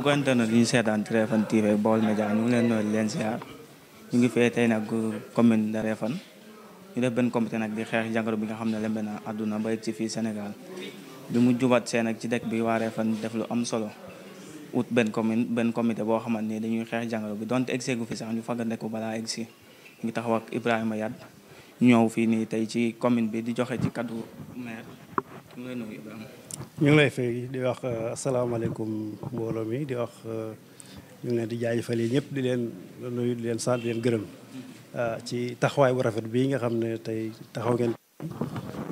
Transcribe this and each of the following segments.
mbokk internet yi ñu seetaan ci Refane TV Baol Médias ñu leen nooy leen siyaar ñu ngi fee tey nag commune de Refane ñu def benn comité nag di xeex jàngoro bi nga xam ne lembe na àdduna ba ci fii Sénégal bi mu jubaat seen ak ci dëkk bi waa Refane def lu am solo ut benn commune benn comité boo xamante ni dañuy xeex jàngoro bi donte egg seegu fi sax ñu fagga ko balaa egg si ñu ngi taxawak ak Ibrahima Yad ñëw fii nii tey ci commune bi di joxe ci kaddu maire ñu ñu ngi lay fay di wax euh, asalaamaaleykum mbooloo mi di wax euh, ñu ngi leen di jaajëfal ñëpp di leen nuyu di leen sant di leen gërëm euh, ci taxawaay bu rafet bii nga xam ne tey taxaw ngeen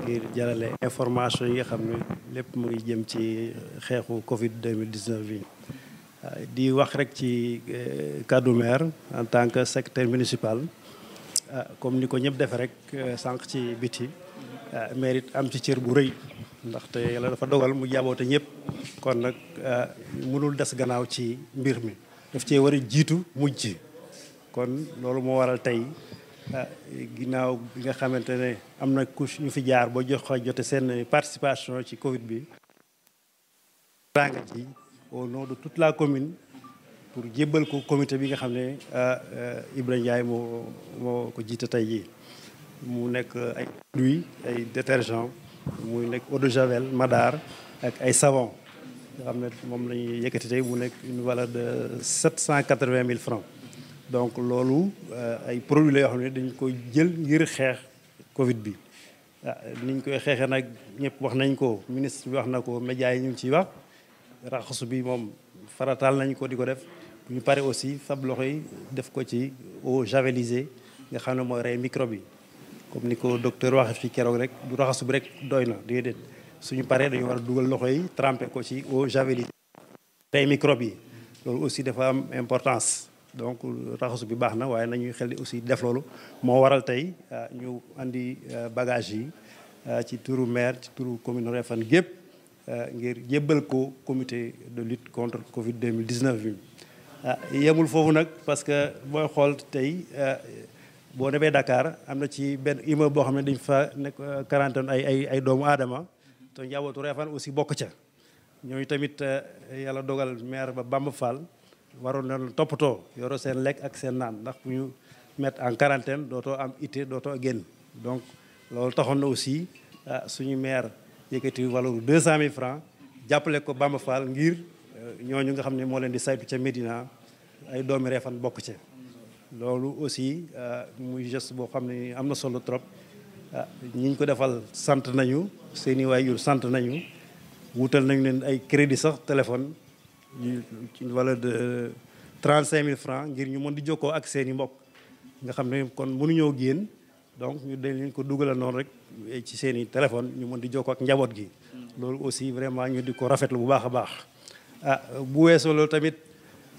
ngir jarale information yi nga xam ne lépp mu ngi jëm ci xeexu Covid 2019 bi di wax rek ci kaddu maire en tant que secrétaire municipal comme ni ko ñëpp defe rek sànq ci biti maire it am ci cër bu rëy ndaxte yàlla dafa dogal mu jaboote ñëpp kon nag euh, mënul des gannaaw ci mbir mi daf cee war a jiitu mujj ci kon loolu moo waral tey euh, ginnaaw bi nga xamante ne am na couche ñu fi jaar ba jox jote seen participation ci Covid bi. ranga au nom de toute la commune pour jébbal ko comité bi nga xam ne euh, ibrahima Ndiaye moo moo ko jiite tey jii mu nekk ay produits ay détergents muy nekk eau de javel madar ak ay savon nga xam ne la mu une valeur de 780 francs donc loolu euh, ay produits la dañ koy jël Covid bi ah, niñ koy xeexee nag ñëpp wax nañ ko ministre wax na ko yi ñu ngi wax bi nañ aussi fab loxo def ko ci nga comme ni ko docteur waxee fi kérok rek du raxasu bi rek doyna dedet suñu paré dañu wara duggal dugal loxo ko ci au javelisée tay microbe yi loolu aussi dafa am importance donc raxasu bi baxna waye waaye nañuy xel aussi def loolu mo waral tay ah, ñu andi ah, bagage yi ah, ci touru maire ci touru commune Refane gep ngir jébbal ko comité de lutte contre Covid 2019 bi ah yemul foofu parce que booy xool tey boo demee Dakar am na ci benn immeuble boo xam ne dañ fa nekk euh, quarantaine ay ay ay doomu aadama te njabootu Refane aussi bokk ca ñooñu tamit euh, yàlla dogal maire ba Bamba Fall waroon na toppatoo yoro seen lekk ak seen naan ndax bu ñu mettre en quarantaine dootoo am ité dootoo génn donc loolu taxoon na aussi euh, suñu maire yëkkati valeur bu 200000 francs jàppale ko Bamba Fall ngir ñooñu nga xam ne moo leen di saytu ca Médina ay doomi Refane bokk ca loolu aussi euh, muy geste boo xam ne am na solo trop euh, ñi ñu ko defal sant nañu seeni waajur sant nañu wutal nañu leen ay crédit sax téléphone ñu de trente cinq mille francs ngir ñu mën di jokkoo ak seeni mbokk nga xam ne kon mënuñoo génn donc ñu dañ leen ko dugalal noonu rek eh, ci seeni téléphone ñu mën di jokkoo ak njaboot gi loolu aussi vraiment ñu di ko rafetlu bu baax a baax ah bu weesoo loolu tamit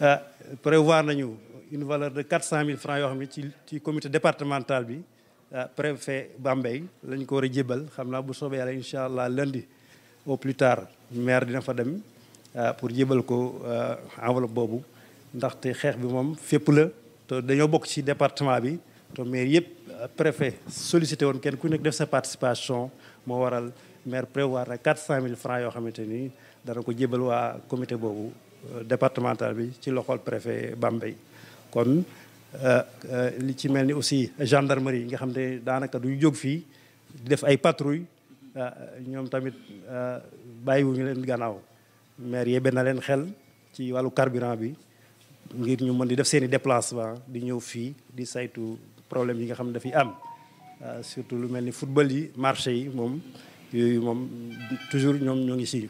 ah, prévoir nañu une valeur de 400 000 francs yoo xam ne ci ci comité départemental bi euh, préfet Bambey lañ ko war a jébal xam naa bu soobee yàlla incha allah lundi au plus tard maire dina fa dem euh, pour jébal ko euh, enveloppe boobu ndaxte xeex bi moom fépp la te dañoo bokk ci département bi te maire yëpp préfet sollicité woon kenn ku nekk def sa participation moo waral maire prévoir na quatre cent francs yoo xamante ni dana ko jébal waa comité boobu départemental bi ci loxol préfet Bambey kon euh, euh, li ci mel ni aussi gendarmerie nga xam ne daanaka du jóg fii di def ay patrouille euh, ñoom tamit bàyyiwuñu leen gannaaw maire yebe na leen xel ci wàllu carburant bi ngir ñu mën di def seen i déplacement di ñëw fii di saytu problème yi nga xam ne dafay am surtout lu mel ni football yi marché yi moom yooyu moom toujours ñoom ñoo ngi si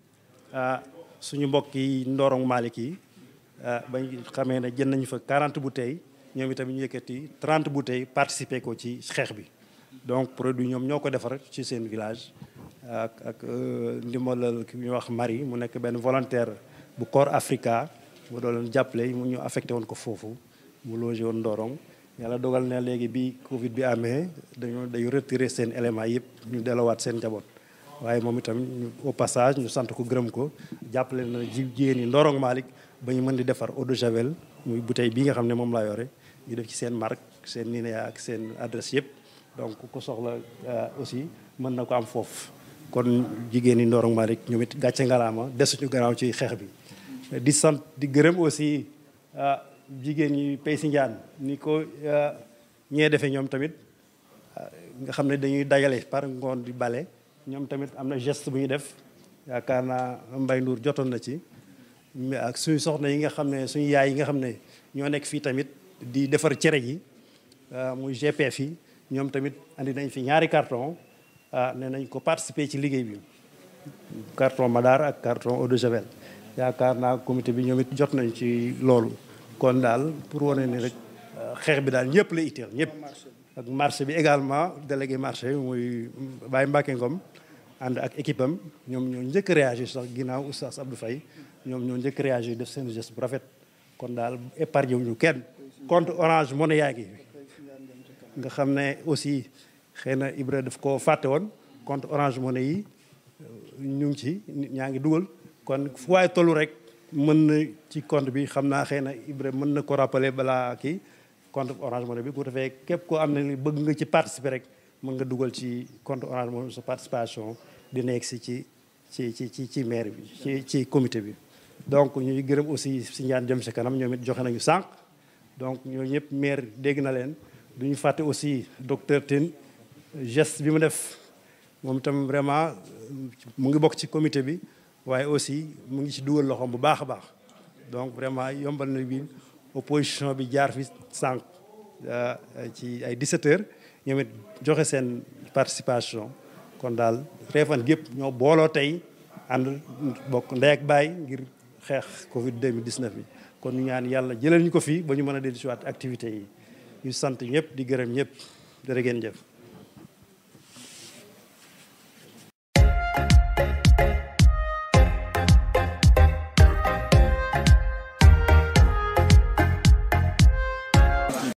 Ah, suñu mbokk yi Ndorong Malick yi ah, bañ xamee ne jën nañu fa quarante bouteilles ñoom itamit ñu yëkkati 30 bouteilles participer ko ci xeex bi donc produit ñoom ñoo ko defar ci seen village ak ak ndimbalal euh, ki ñuy wax Marie mu nekk benn volontaire bu Corps Africa mu doon jàppale mu ñu affecté woon ko foofu mu logé woon Ndorong yàlla dogal na léegi bi Covid bi amee dañoo day retiré seen éléments yëpp ñu delluwaat seen njaboot. waaye moom itam au passage ñu sant ko gërëm ko jàppale na jigéen ñi Ndorong Malick ba ñu mën di defar eau de javel muy bouteille bii nga xam ne moom laa yore ñu def ci seen mark seen ninéa ak seen adresse yëpp donc ku soxla euh, aussi mën na ko am foofu kon jigéen ñi Ndorong Malick ñoom it gàcce ngalaama desuñu gannaaw ci xeex bi di sant di gërëm aussi euh, jigéen ñi pay si njaan ni ko euh, ñee defee ñoom tamit nga xam ne dañuy dajale par ngoon di bale ñoom tamit am na geste bu ñu def yaakaar naa Mbaye Ndour jotoon na ci mais ak suñu soxna yi nga xam ne suñu yaay yi nga xam ne ñoo nekk fii tamit di defar cere yi euh, mu gp yi ñoom tamit andi nañ fi ñaari carton ah euh, nee nañ ko participer ci liggéey bi carton Madar ak carton eau de javel yaakaar naa commité bi ñoom it jot nañ ci loolu kon daal pour wane ni rek euh, xeex bi daal ñëpp la itteel ñëpp ak marché bi également délégué marché bi muy Baye Mbacke Ngom ànd ak équipe am ñoom ñoo njëkk réagir sax ginnaaw oustaz Abdou Faye ñoom ñoo njëkk réagir def seen geste bu rafet kon daal épargne wu ñu kenn compte orange money yaa ngi nga xam ne aussi xëy na Ibra daf ko fàtte woon compte orange money yi ñu ci ñaa ngi dugal kon fu waaye tollu rek mën na ci compte bi xam naa xëy na Ibra mën na ko rappeler balaa kii compte orange money bi bu ko defee képp koo am ne bëgg nga ci participer rek mën nga dugal ci compte orange money sa participation di nekk si ci ci ci ci ci maire bi ci ci comité bi. donc ñuy gërëm aussi si ñaan jëm si kanam ñoom it joxe nañu sànq donc ñoo ñëpp maire dégg na leen duñu ñu fàtte aussi docteur Tine geste bi mu def moom itam vraiment mu ngi bokk ci comité bi waaye aussi mu ngi ci dugal loxoom bu baax a baax donc vraiment yombal na bi opposition bi jaar fi sànq euh, ci ay 17 heures ñoom it joxe seen participation kon daal Refane gépp ñoo booloo tey ànd bokk ndey ak baay ngir xeex Covid 2019 bi kon ñu ñaan yàlla jëlal ñu ko fii ba ñu mën a dellu si waat activités yi ñu sant ñëpp di gërëm ñëpp jërë ngeen jëf.